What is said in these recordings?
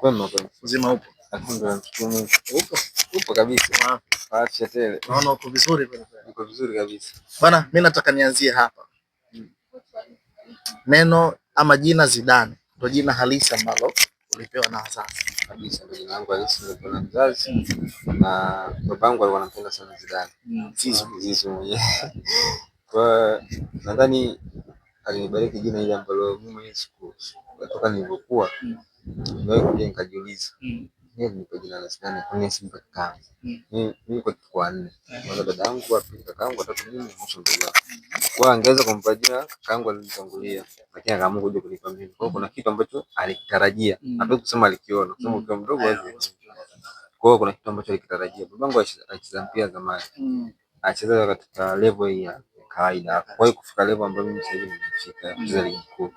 Kwema kwema. Mzima upo? Alhamdulillah, Upo? Upo kabisa. Ah. Acha tele. Naona uko vizuri kweli. Uko vizuri kabisa. Bana, mimi nataka nianzie hapa. Hmm. Neno ama jina Zidane ndio jina halisi ambalo ulipewa na wazazi. Kabisa jina langu halisi na wazazi. Na babangu alikuwa sana Zidane. Zizu, hmm, Zizu ah, Kwa nadhani alinibariki jina ile ambalo mimi sikutoka nilipokuwa. Hmm. Nikaja nikajiuliza angeweza kumpa jina lakini akaamua kuja kunipa mimi. Kwa kuna kitu ambacho alikitarajia, mm. hata kusema alikiona, mm. mdogo Kwa kuna kitu ambacho alikitarajia. Babangu alicheza mpira zamani, mm. alicheza katika level kawaida, kwa hiyo kufika level ambayo mimi sasa hivi nimefika kucheza ligi kuu.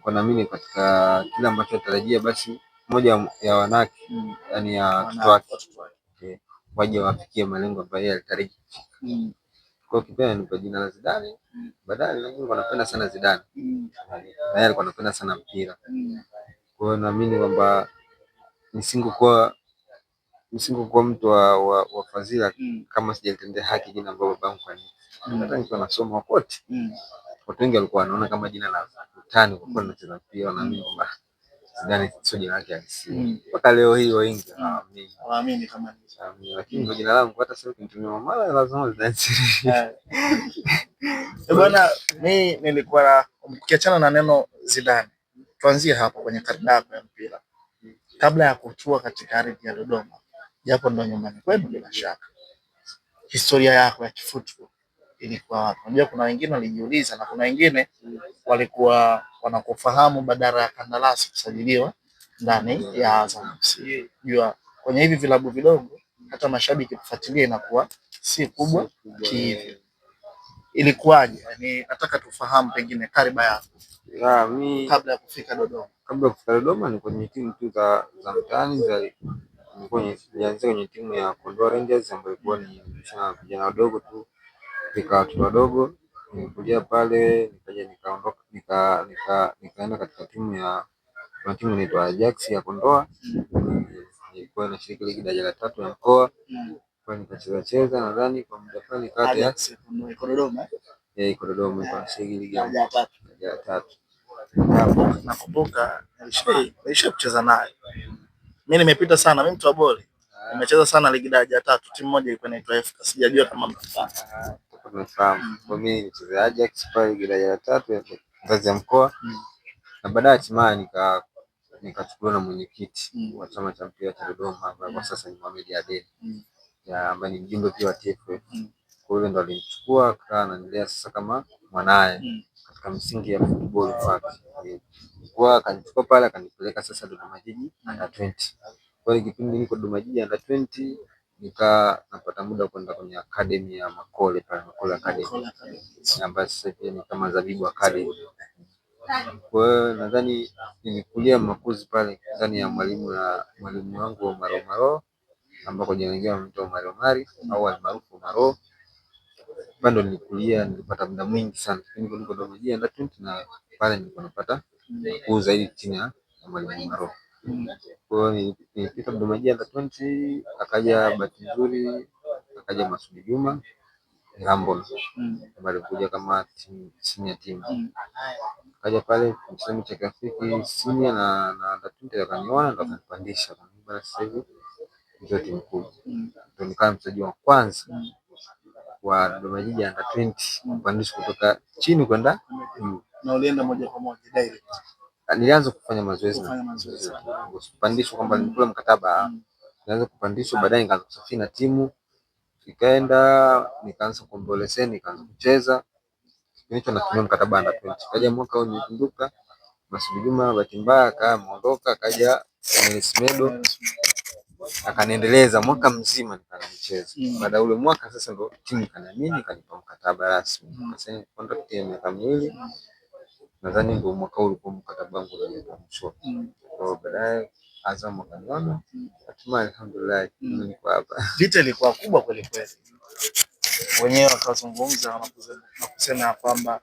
Kwa naamini katika kila ambacho natarajia, basi moja ya wanawake mm. yani ya watoto wake eh, waje wafikie malengo ambayo alitarajia kufika. Mm. Kwa kipenda ni kwa jina la Zidane, mm. baadaye nilikuwa napenda sana Zidane na yeye alikuwa anapenda sana mpira, kwa hiyo naamini kwamba nisingekuwa msingo kwa mtu wa, wa, wa fadhila mm. kama sijalitendea haki jina ambayo babangu hata nikiwa nasoma kote, mm. watu wengi walikuwa wanaona kama jina la utani kwa kuwa nacheza mpira na mm. mimi kwamba Zidane sio jina lake halisi. Mm. Mpaka leo hii wengi hawaamini kama ni, lakini jina langu hata sio sasa ukinitumia mara lazima Zidane. Eh. Eh, bwana, mimi nilikuwa ukiachana na neno Zidane, tuanzie hapo kwenye karne yako ya mpira kabla ya kutua katika ardhi ya Dodoma, japo ndo nyumbani kwenu bila shaka, historia yako ya kifutu ilikuwa wapi. Unajua kuna wengine walijiuliza na kuna wengine walikuwa wanakufahamu badala ya kandarasi kusajiliwa ndani ya Azam FC. kwenye hivi vilabu vidogo hata mashabiki kufuatilia inakuwa si kubwa kihivi. Ilikuwaje? Yani nataka tufahamu pengine kariba yako. Ya, mi... kabla ya kufika Dodoma. Kabla ya kufika Dodoma ni kwenye timu tu za za mtaani za nilianzia kwenye timu ya Kondoa Rangers ambayo ilikuwa ni vijana wadogo tu katika watu wadogo. Nilikulia pale nikaja nikaondoka nika, nika, nikaenda katika timu ya kuna timu inaitwa Ajax ya Kondoa. Nilikuwa nashiriki ligi daraja la tatu ya mkoa. Kwa nikacheza cheza nadhani kwa muda fulani kati ya iko Dodoma. Eh, eh iko Dodoma kwa nashiriki ligi daraja la tatu. Daraja la tatu. Nakumbuka nilisha kucheza naye. Mimi nimepita sana, mimi mtu wa boli. Nimecheza sana ligi daraja la tatu. Timu moja ilikuwa inaitwa FK. Sijajua kama mnafahamu tunafahamu. Ah. Kwa mimi ni mchezaji expire daraja la tatu ngazi ya mkoa hmm. na baadaye hatimaye nika nikachukuliwa na mwenyekiti hmm. wa chama cha mpira cha Dodoma ambaye kwa hmm. sasa ni Mohamed Adel ambaye ni mjumbe pia wa TFF. Kwa hiyo ndo alinichukua akaa ananilea sasa kama mwanaye katika msingi ya football park Kwa akanichukua pale akanipeleka sasa Dodoma Jiji under 20. Kwa hiyo kipindi niko Dodoma Jiji under 20 nikaa napata muda kwenda kwenye academy ya Makole pale Makole Academy ambayo sasa hivi ni kama Zabibu Academy. Kwa hiyo nadhani nilikulia makuzi pale ndani ya mwalimu na mwalimu wangu wa Maromaro Maro ambako jina lingine mtu Maro Mari au almaarufu Maro bado nilikulia, nilipata muda mwingi sana kuliko kipindi majia na pale nilikuwa napata kuu zaidi chini ya mwalimu Maro. Kwa hiyo nilipita Dodoma Janga 20 akaja Bahati Nzuri akaja Masudi Juma Ngambo ambaye mm. alikuja kama senior team. Mm. Akaja pale msimu cha kirafiki senior na na ndatunda akaniona ndo akanipandisha bana, sasa hivi ndio timu kubwa, mm. ndio nikawa mchezaji wa kwanza wa Dodoma Jiji under 20 kupandishwa kutoka chini kwenda juu. Na ulienda moja kwa moja direct nilianza kufanya mazoezi na kupandishwa kwamba nilikula mkataba mm. Nilianza kupandishwa, baadaye nikaanza kusafiri na timu ikaenda, nikaanza kuomboleseni, nikaanza kucheza kipindi hicho, natumia mkataba na 20 kaja mwaka huu nilipunduka Masudi Juma, bahati mbaya akaondoka, kaja Smedo akaniendeleza mwaka mzima nikaanza kucheza. Mm. Baada ule mwaka sasa ndo timu ikaniamini, kanipa mkataba rasmi, mm. contract ya miaka miwili nadhani ndio mwaka huu ulikuwa mkataba wangu wa mwisho. Mm. Kwa baadaye Azam akaniona, hatimaye alhamdulillah mm. mimi niko hapa. Vita ilikuwa kubwa kweli kweli, wenyewe wakazungumza na kusema kwamba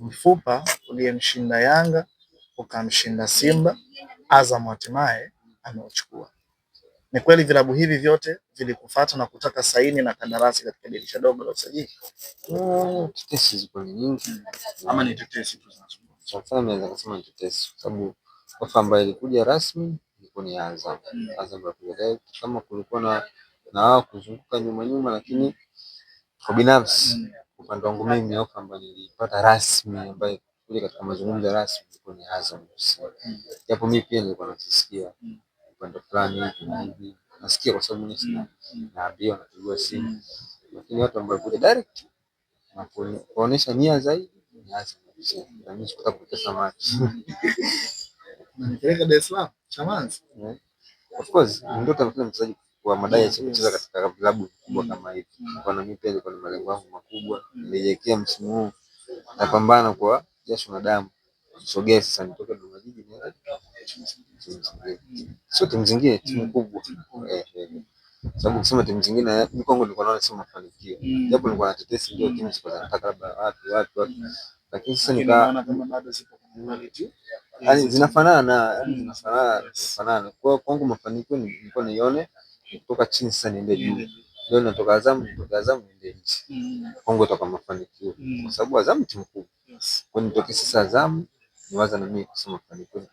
mfupa uliyemshinda Yanga ukamshinda Simba, Azam hatimaye ameuchukua. Ni kweli vilabu hivi vyote vilikufuata na kutaka saini na kandarasi katika dirisha dogo la usajili. Mm, tetesi ziko nyingi ama ni tetesi tu? cha sana naweza kusema ni tetesi kwa sababu ofa ambayo ilikuja rasmi ilikuwa ni Azam. Mm. Azam ndio kama kulikuwa na na wao kuzunguka nyuma nyuma, lakini kwa binafsi mm. upande wangu mimi ofa ambayo nilipata rasmi ambayo kuja katika mazungumzo rasmi ilikuwa ni Azam. Mm. Japo mimi pia nilikuwa nasikia upande fulani hivi nasikia kwa sababu mimi naambiwa, napigiwa simu, lakini watu ambao kuja direct na kuonesha nia zaidi Unanipeleka Dar es Salaam Chamazi? Eh? Of course, ndio tunataka mchezaji wa madai kucheza katika vilabu kubwa kama hivi. Kwa nami pia niko na malengo yangu makubwa. Nimejiwekea msimu huu napambana kwa jasho na damu. Sogea sasa nitoke Dodoma Jiji niende. Sio timu zingine, timu kubwa. Eh, eh. Sababu kusema timu zingine Kongo nilikuwa naona sio mafanikio. Japo nilikuwa natetesi ndio timu ziko zinataka labda watu watu watu lakini sasa nika yani zinafanana zinafanana kwa kwangu, mafanikio nilikuwa nione kutoka chini sasa niende juu. Mm. Ndio natoka Azam, kutoka Azam niende nje mm. kwangu, toka mafanikio, mm. kwa sababu Azamu timu kubwa. Kwa nini nitoke sasa Azam niwaza na mimi kusema mafanikio.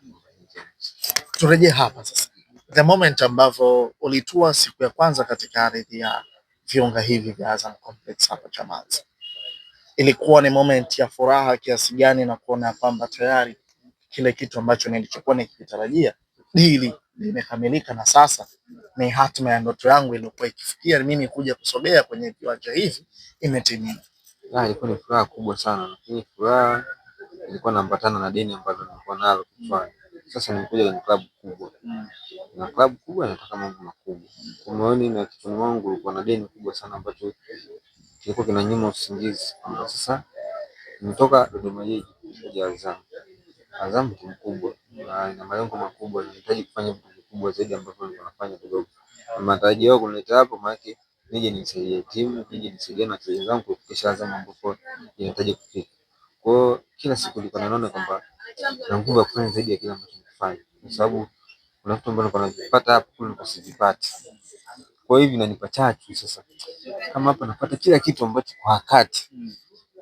Turejee hapa sasa, the moment ambavyo ulitua siku ya kwanza katika ardhi ya viunga hivi vya Azam Complex hapa Chamazi ilikuwa ni moment ya furaha kiasi gani na kuona kwamba tayari kile kitu ambacho nilichokuwa nikitarajia dili limekamilika, na sasa ni hatima ya ndoto yangu iliyokuwa ikifikia mimi kuja kusogea kwenye viwanja hivi imetimia. Ilikuwa ni furaha kubwa sana, lakini furaha ilikuwa naambatana na deni ambalo nilikuwa nalo kufanya. Sasa nimekuja kwenye klabu kubwa na klabu kubwa inataka mambo makubwa. Moyoni na kichwani mwangu ulikuwa na deni kubwa sana ambacho kilikuwa kinanyima usingizi. Sasa nimetoka Dodoma jiji kuja Azam. Azam ni mkubwa na ina malengo makubwa, inahitaji kufanya vitu vikubwa zaidi ambavyo nilikuwa nafanya kidogo. Matarajio yao kunileta hapo, maana nije nisaidie timu, nije nisaidie na wachezaji wangu kufikisha Azam ambapo inahitaji kufika. Kwa hiyo kila siku nilikuwa naona kwamba na nguvu ya kufanya zaidi ya kile ambacho nilifanya, kwa sababu kuna vitu ambavyo nilikuwa navipata hapo kule nikasivipati. Kwa hivyo hivi nanipa chachu sasa kama hapa napata kila kitu ambacho kwa wakati,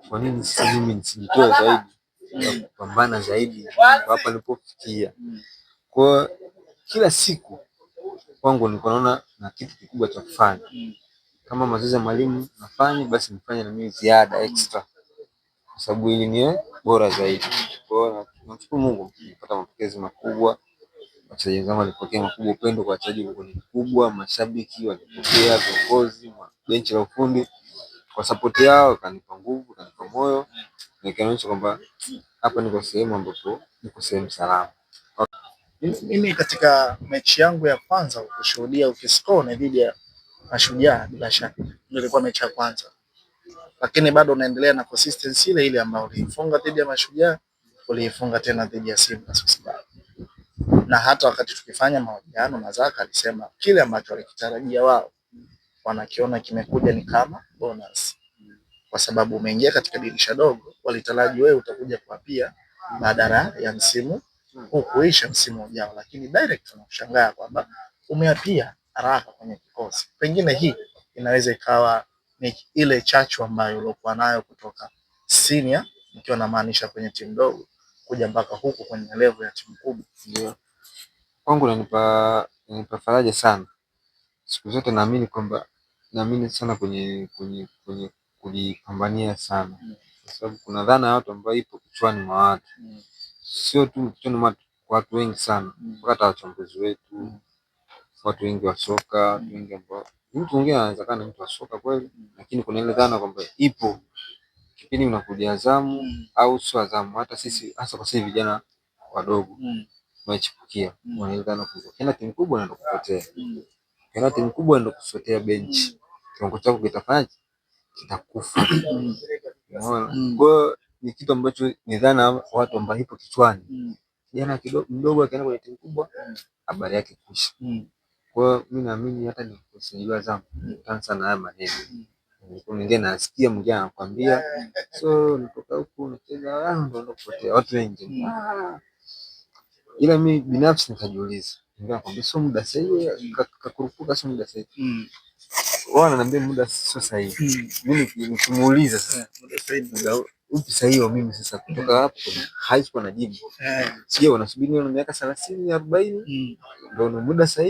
kwa nini sasa mimi nisijitoe zaidi na mm. kupambana zaidi mm. kwa hapa nilipofikia? Kwa kila siku kwangu niko naona na kitu kikubwa cha kufanya. Mm. Kama mazoezi ya mwalimu nafanya, basi nifanye na mimi ziada extra, kwa sababu ili niwe bora zaidi. Kwa hiyo namshukuru Mungu, nimepata mapokezi makubwa wachezaji wangu walipokea makubwa, upendo kwa wachezaji ni mkubwa, mashabiki walipokea, viongozi benchi la ufundi kwa sapoti yao, kanipa nguvu, kanipa moyo, nikionyesha kwamba hapa niko sehemu ambapo niko sehemu salama. Mimi katika mechi yangu ya kwanza kushuhudia ukiscore na dhidi ya Mashujaa, bila shaka ndio ilikuwa mechi ya kwanza, lakini bado unaendelea na consistency ile ile ambayo uliifunga dhidi ya Mashujaa, uliifunga tena dhidi ya Simba sasa. Na hata wakati tukifanya mahojiano na Zaka alisema kile ambacho alikitarajia wao wanakiona kimekuja ni kama bonus, kwa sababu umeingia katika dirisha dogo, walitaraji wewe utakuja kuapia badala ya msimu huu kuisha msimu ujao, lakini direct unakushangaa kwamba umeapia haraka kwenye kikosi. Pengine hii inaweza ikawa ni ile chachu ambayo uliokuwa nayo kutoka senior, nikiwa namaanisha kwenye timu ndogo kuja mpaka huku kwenye level ya timu kubwa. Kwangu inanipa faraja sana siku zote naamini kwamba naamini sana kwenye kwenye kwenye kulipambania sana, mm. kwa mm. sababu kuna dhana ya watu ambayo ipo kichwani mwa watu, mm. sio tu kichwani mwa watu wengi sana, mpaka mm. hata wachambuzi wetu, mm. watu wengi wa soka, watu mm. wengi ambao mtu mwingine anaweza kana mtu wa soka kweli, mm. lakini kuna ile dhana kwamba ipo kipindi unakuja Azamu mm. au sio Azamu, hata sisi hasa kwa sisi vijana wadogo mm. tunaichipukia mm. wanaile dhana kuna timu kubwa unaenda kupotea mm. Ukiona timu kubwa ndio kusotea benchi, kiwango chako kitafanyaje? Kitakufa. Unaona? Kwa hiyo ni kitu ambacho ni dhana watu ambao ipo kichwani. Kijana kidogo mdogo akienda kwenye timu kubwa, habari yake kuisha. Kwa hiyo mimi naamini hata ni kusaidiwa zangu kansa na haya maneno. Mwingine anasikia, mwingine anakuambia so nitoka huku nacheza ndo kupotea watu wengi, ila mimi binafsi nikajiuliza Nikakwambia sio muda sasa hivi, kakurupuka sio muda sasa hivi. Mm. Wao ananiambia muda sio sasa mm. Mimi nikimuuliza sasa eh, muda sasa upi sasa hiyo mimi sasa kutoka hapo high school na jibu. Eh. Sio wanasubiri na miaka 30, 40 mm. ndio ni muda sasa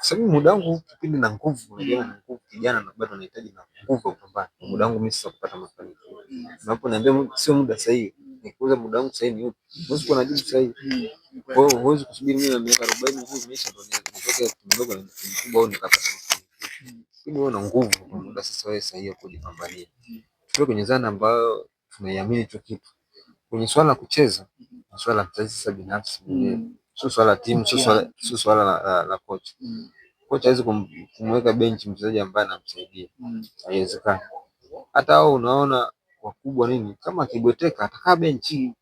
Sasa muda wangu kipindi na nguvu, na nguvu kijana na bado nahitaji na nguvu kupambana. Muda wangu mimi sasa kupata mafanikio. Unapo sio muda sasa nikikuuza muda wangu sasa hivi mm. huwezi kuwa na jibu sasa hivi. Mm. Kwa hiyo huwezi kusubiri mimi na miaka 40 huu imeisha ndo nitoke mdogo na mkubwa au nikapata ili uwe na nguvu kwa muda sasa wewe sahihi kujipambania. Mm. Tuko kwenye zana ambayo tunaiamini hicho kitu. Kwenye swala la kucheza, swala la mchezaji sasa binafsi mwenyewe, sio swala la timu, sio swala sio swala la la kocha. Kocha hawezi kumweka benchi mchezaji ambaye anamsaidia. Haiwezekani. Hata wao unaona wakubwa nini, kama akibweteka atakaa benchi.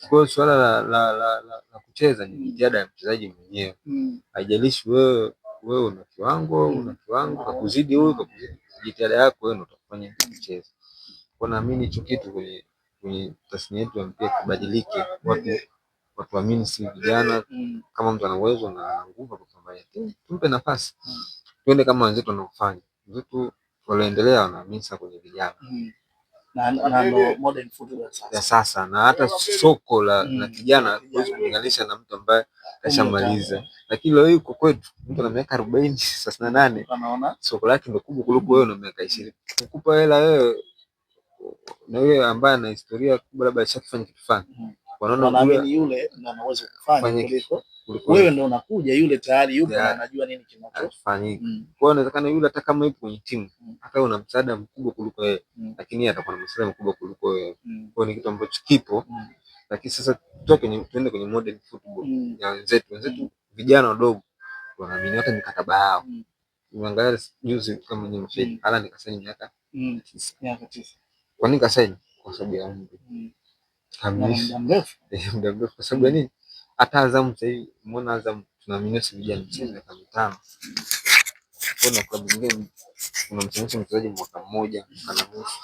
Kwa hiyo swala la, la, la, la, la kucheza ni jitihada ya mchezaji mwenyewe, hmm. haijalishi wewe wewe una kiwango hmm. una kiwango kakuzidi wewe, kwa jitihada yako wewe ndio utakufanya mchezo. Kwa naamini hicho kitu kwenye kwenye tasnia yetu ya mpira kibadilike, watu watu waamini, si vijana. Hmm. Kama mtu ana uwezo na nguvu kwa kupambana, tumpe nafasi, twende kama wenzetu wanaofanya. Wenzetu walioendelea wanaamini sana kwenye vijana na, na modern food ya sasa, ya sasa na hata soko la, mm. la kijana huwezi kulinganisha na mtu ambaye kashamaliza, lakini leo yuko kwetu mtu ana miaka arobaini thelathini na nane soko lake ni kubwa kuliko wewe na miaka ishirini mm. kukupa hela wewe na yule ambaye ana historia kubwa labda ashakifanya kitu fulani mm wanaamini yule ndo anaweza kufanya kuliko wewe, ndo unakuja yule tayari yupo na anajua nini kinachofanyika. Mm. Kwa hiyo inawezekana yule hata kama yupo kwenye timu mm. akawa na msaada mkubwa kuliko wewe, mm. lakini atakuwa na msaada mkubwa kuliko wewe. Mm. Kwa hiyo ni kitu ambacho kipo, lakini sasa tutoke kwenye tuende kwenye modern football mm. ya wenzetu wenzetu mm. vijana wadogo wanaamini hata mikataba yao. Unaangalia juzi kama ni mfiki, ala nikasaini miaka miaka 9 Kwa nini kasaini? Kwa sababu ya umri. Eh, muda mrefu kwa sababu nini? Hata Azam sasa hivi umeona, Azam vijana miaka mitano klabu nyingine mchezaji mwaka mmoja na nusu,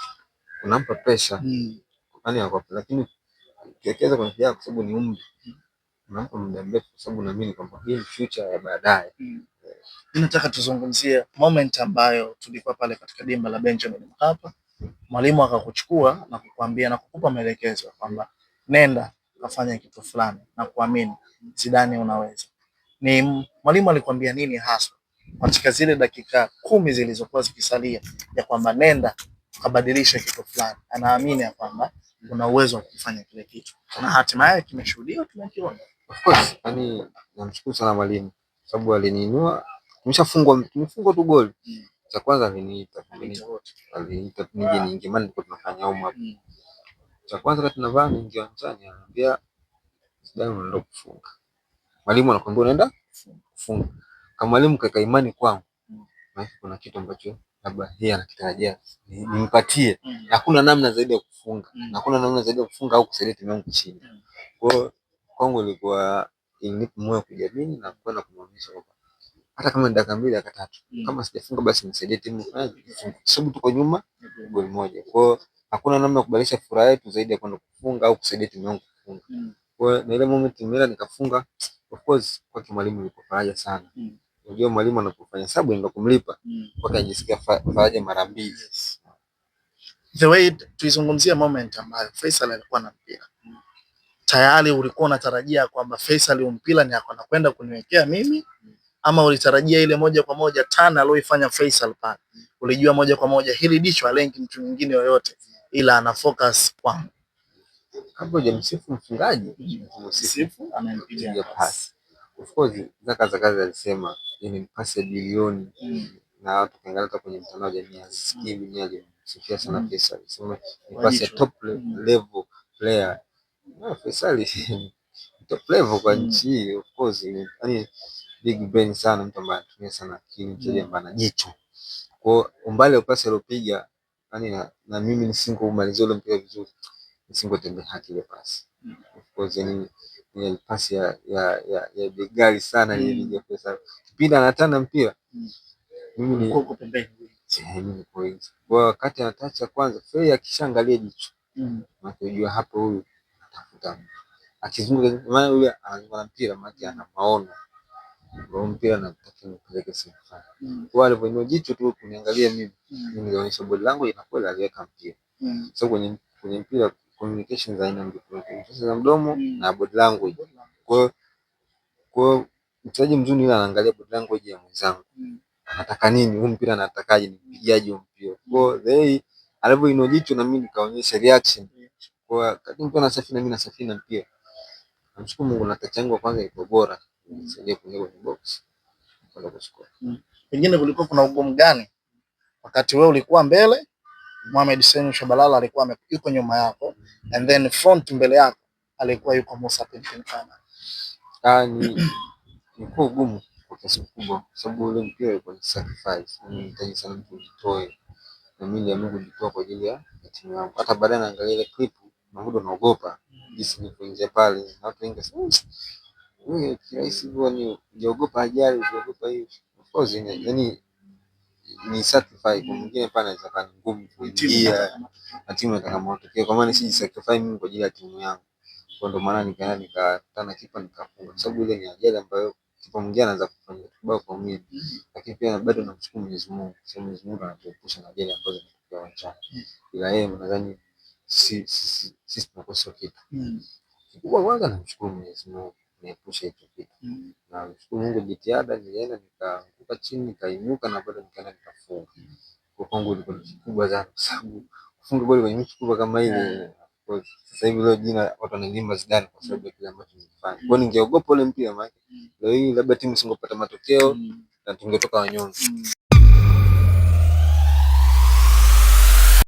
unampa hmm. yaani lakini ukiwekeza kwenye kwa sababu ni umri, unampa muda mrefu, kwa sababu naamini kwamba hii ni future ya baadaye. Hmm. Nataka tuzungumzie moment ambayo tulikuwa pale katika dimba la Benjamin Mkapa mwalimu akakuchukua na kukwambia na kukupa maelekezo kwamba nenda kafanya kitu fulani na kuamini, sidhani unaweza. Ni mwalimu alikwambia nini hasa katika zile dakika kumi zilizokuwa zikisalia, ya kwamba nenda kabadilisha kitu fulani? Anaamini ya kwamba una uwezo wa kufanya kile kitu, na hatimaye kimeshuhudiwa, tumekiona. Of course, yani namshukuru sana mwalimu sababu aliniinua, tumeshafungwa tumefungwa tu goli mm. Cha kwanza aliniita aliniita nije niingie, ah. maana nilikuwa tunafanya home hapo. Mm. Cha kwanza kati na vani wanjani, anambia sijana, unaenda kufunga. Mwalimu anakuambia unaenda kufunga. Kama mwalimu kaka imani kwangu, mm. kuna kitu ambacho labda yeye anakitarajia nimpatie, mm. hakuna namna zaidi ya kufunga, hakuna namna zaidi ya kufunga au kusaidia timu yangu kushinda. Kwa hiyo kwangu ilikuwa ilinipa moyo kujiamini na kwenda kumwonyesha kwamba hata kama dakika mbili dakika tatu, mm. kama sijafunga basi nisaidie timu, mm. sababu tuko nyuma mm. goli moja. Kwa hiyo hakuna namna ya kubadilisha furaha yetu zaidi ya kwenda kufunga au kusaidia timu yangu kufunga. mm. Kwa hiyo na ile moment mimi nikafunga, of course kwa mwalimu nilikuwa faraja sana. Mm. Unajua mm. mwalimu anapofanya sababu ndio kumlipa, mm. kwa hiyo faraja mara mbili. yes. The way tuizungumzia moment ambayo Faisal alikuwa na mpira tayari, ulikuwa unatarajia kwamba Faisal mpira ni anakwenda kuniwekea mimi mm ama ulitarajia ile moja kwa moja tana aliyoifanya Faisal pale? Ulijua moja kwa moja hili dicho alengi mtu mwingine yoyote, ila ana focus kwangu. Je, msifu mfungaji, msifu anampiga pasi. Of course Zaka Zakaza alisema ni yaani pasi ya bilioni hmm. na watu kaangalia hata kwenye mtandao wa jamii asikii mwenyewe alimsifia sana hmm. Faisal, alisema ni pasi ya top hmm. level player na Faisal top level kwa nchi of course, ni yaani, yaani big brain sana, mtu ambaye anatumia sana akili, mchezaji mm. ambaye ana jicho. Kwa umbali wa pasi aliopiga yani na, na mimi nisingeumalizia ule mpira vizuri, nisingetembea hata ile pasi. Mm. Of course yani ni pasi ya ya ya, ya begali sana ile mm. ile pesa. Kipindi anatana mpira. mm. Mimi niko huko pembeni. Mimi niko nje. Kwa wakati anatacha kwanza, Frey akishaangalia jicho. Mm. Na kujua hapo huyu atafuta. Akizunguka maana yule anazunguka mpira maana ana mm roho mpira na kutaka nipeleke semifinali. Mm. Kwa alivyoinua jicho tu kuniangalia mimi, mm. mimi nilionyesha bodi langu inakuwa aliweka mpira. Mm. So kwenye kwenye mpira communication za aina mbili, communication za mdomo na bodi langu. Kwa hiyo kwa hiyo mchezaji mzuri yule anaangalia bodi langu ya mwenzangu. Anataka nini? Huu mpira anatakaje? Nipigaje huu mpira? Kwa hiyo they alivyoinua jicho na mimi nikaonyesha reaction. Kwa kati mtu anasafiri na mimi nasafiri na mpira. Namshukuru Mungu na tachi kwanza iko bora nisaidia kuingia kwenye box kwenda kuchukua. Hmm. Pengine kulikuwa kuna ugumu gani wakati wewe ulikuwa mbele, Mohamed Senu Shabalala alikuwa yuko nyuma yako, and then front mbele yako alikuwa yuko Musa Pimpin Kama. Ah, ni ilikuwa ugumu kwa kiasi kikubwa, sababu ule mpira ulikuwa ni sacrifice, nilihitaji sana mtu ujitoe, na mimi niliamua kujitoa kwa ajili ya timu yangu. Hata baadaye naangalia ile clip, nakuta naogopa jinsi nilipoingia pale, na watu wengi sana wewe kirahisi huwa ni ujaogopa ajali, ujaogopa hiyo. Of course ni yani ni sacrifice kwa mwingine pana inaweza kuwa ngumu kuingia na timu nataka matokeo, kwa maana siji sacrifice mimi kwa ajili ya timu yangu, kwa ndo maana nikaenda nikakutana kipa nikafunga, kwa sababu ile ni ajali ambayo kipa mwingine anaanza kufanya kibao kwa mimi, lakini pia bado namshukuru Mwenyezi Mungu, kwa Mwenyezi Mungu anatuepusha na ajali ambazo zinatokea wanchani, ila yeye nadhani sisi tunakosa kitu hmm. kikubwa. Kwanza namshukuru Mwenyezi Mungu niepushe hicho kitu mm. na mshukuru Mungu, jitihada nilienda, nikaanguka chini, nikainuka na bado nikaenda nikafunga. Mm. Kwa kwangu ilikuwa ni kubwa sana, kwa sababu kufunga goli kwenye mechi kubwa kama ile. Sasa hivi leo jina watu wananimba Zidane kwa sababu ya kile ambacho nilifanya. Kwa mm. ningeogopa ule mpira maana leo hii labda timu singopata matokeo na tungetoka wanyonge.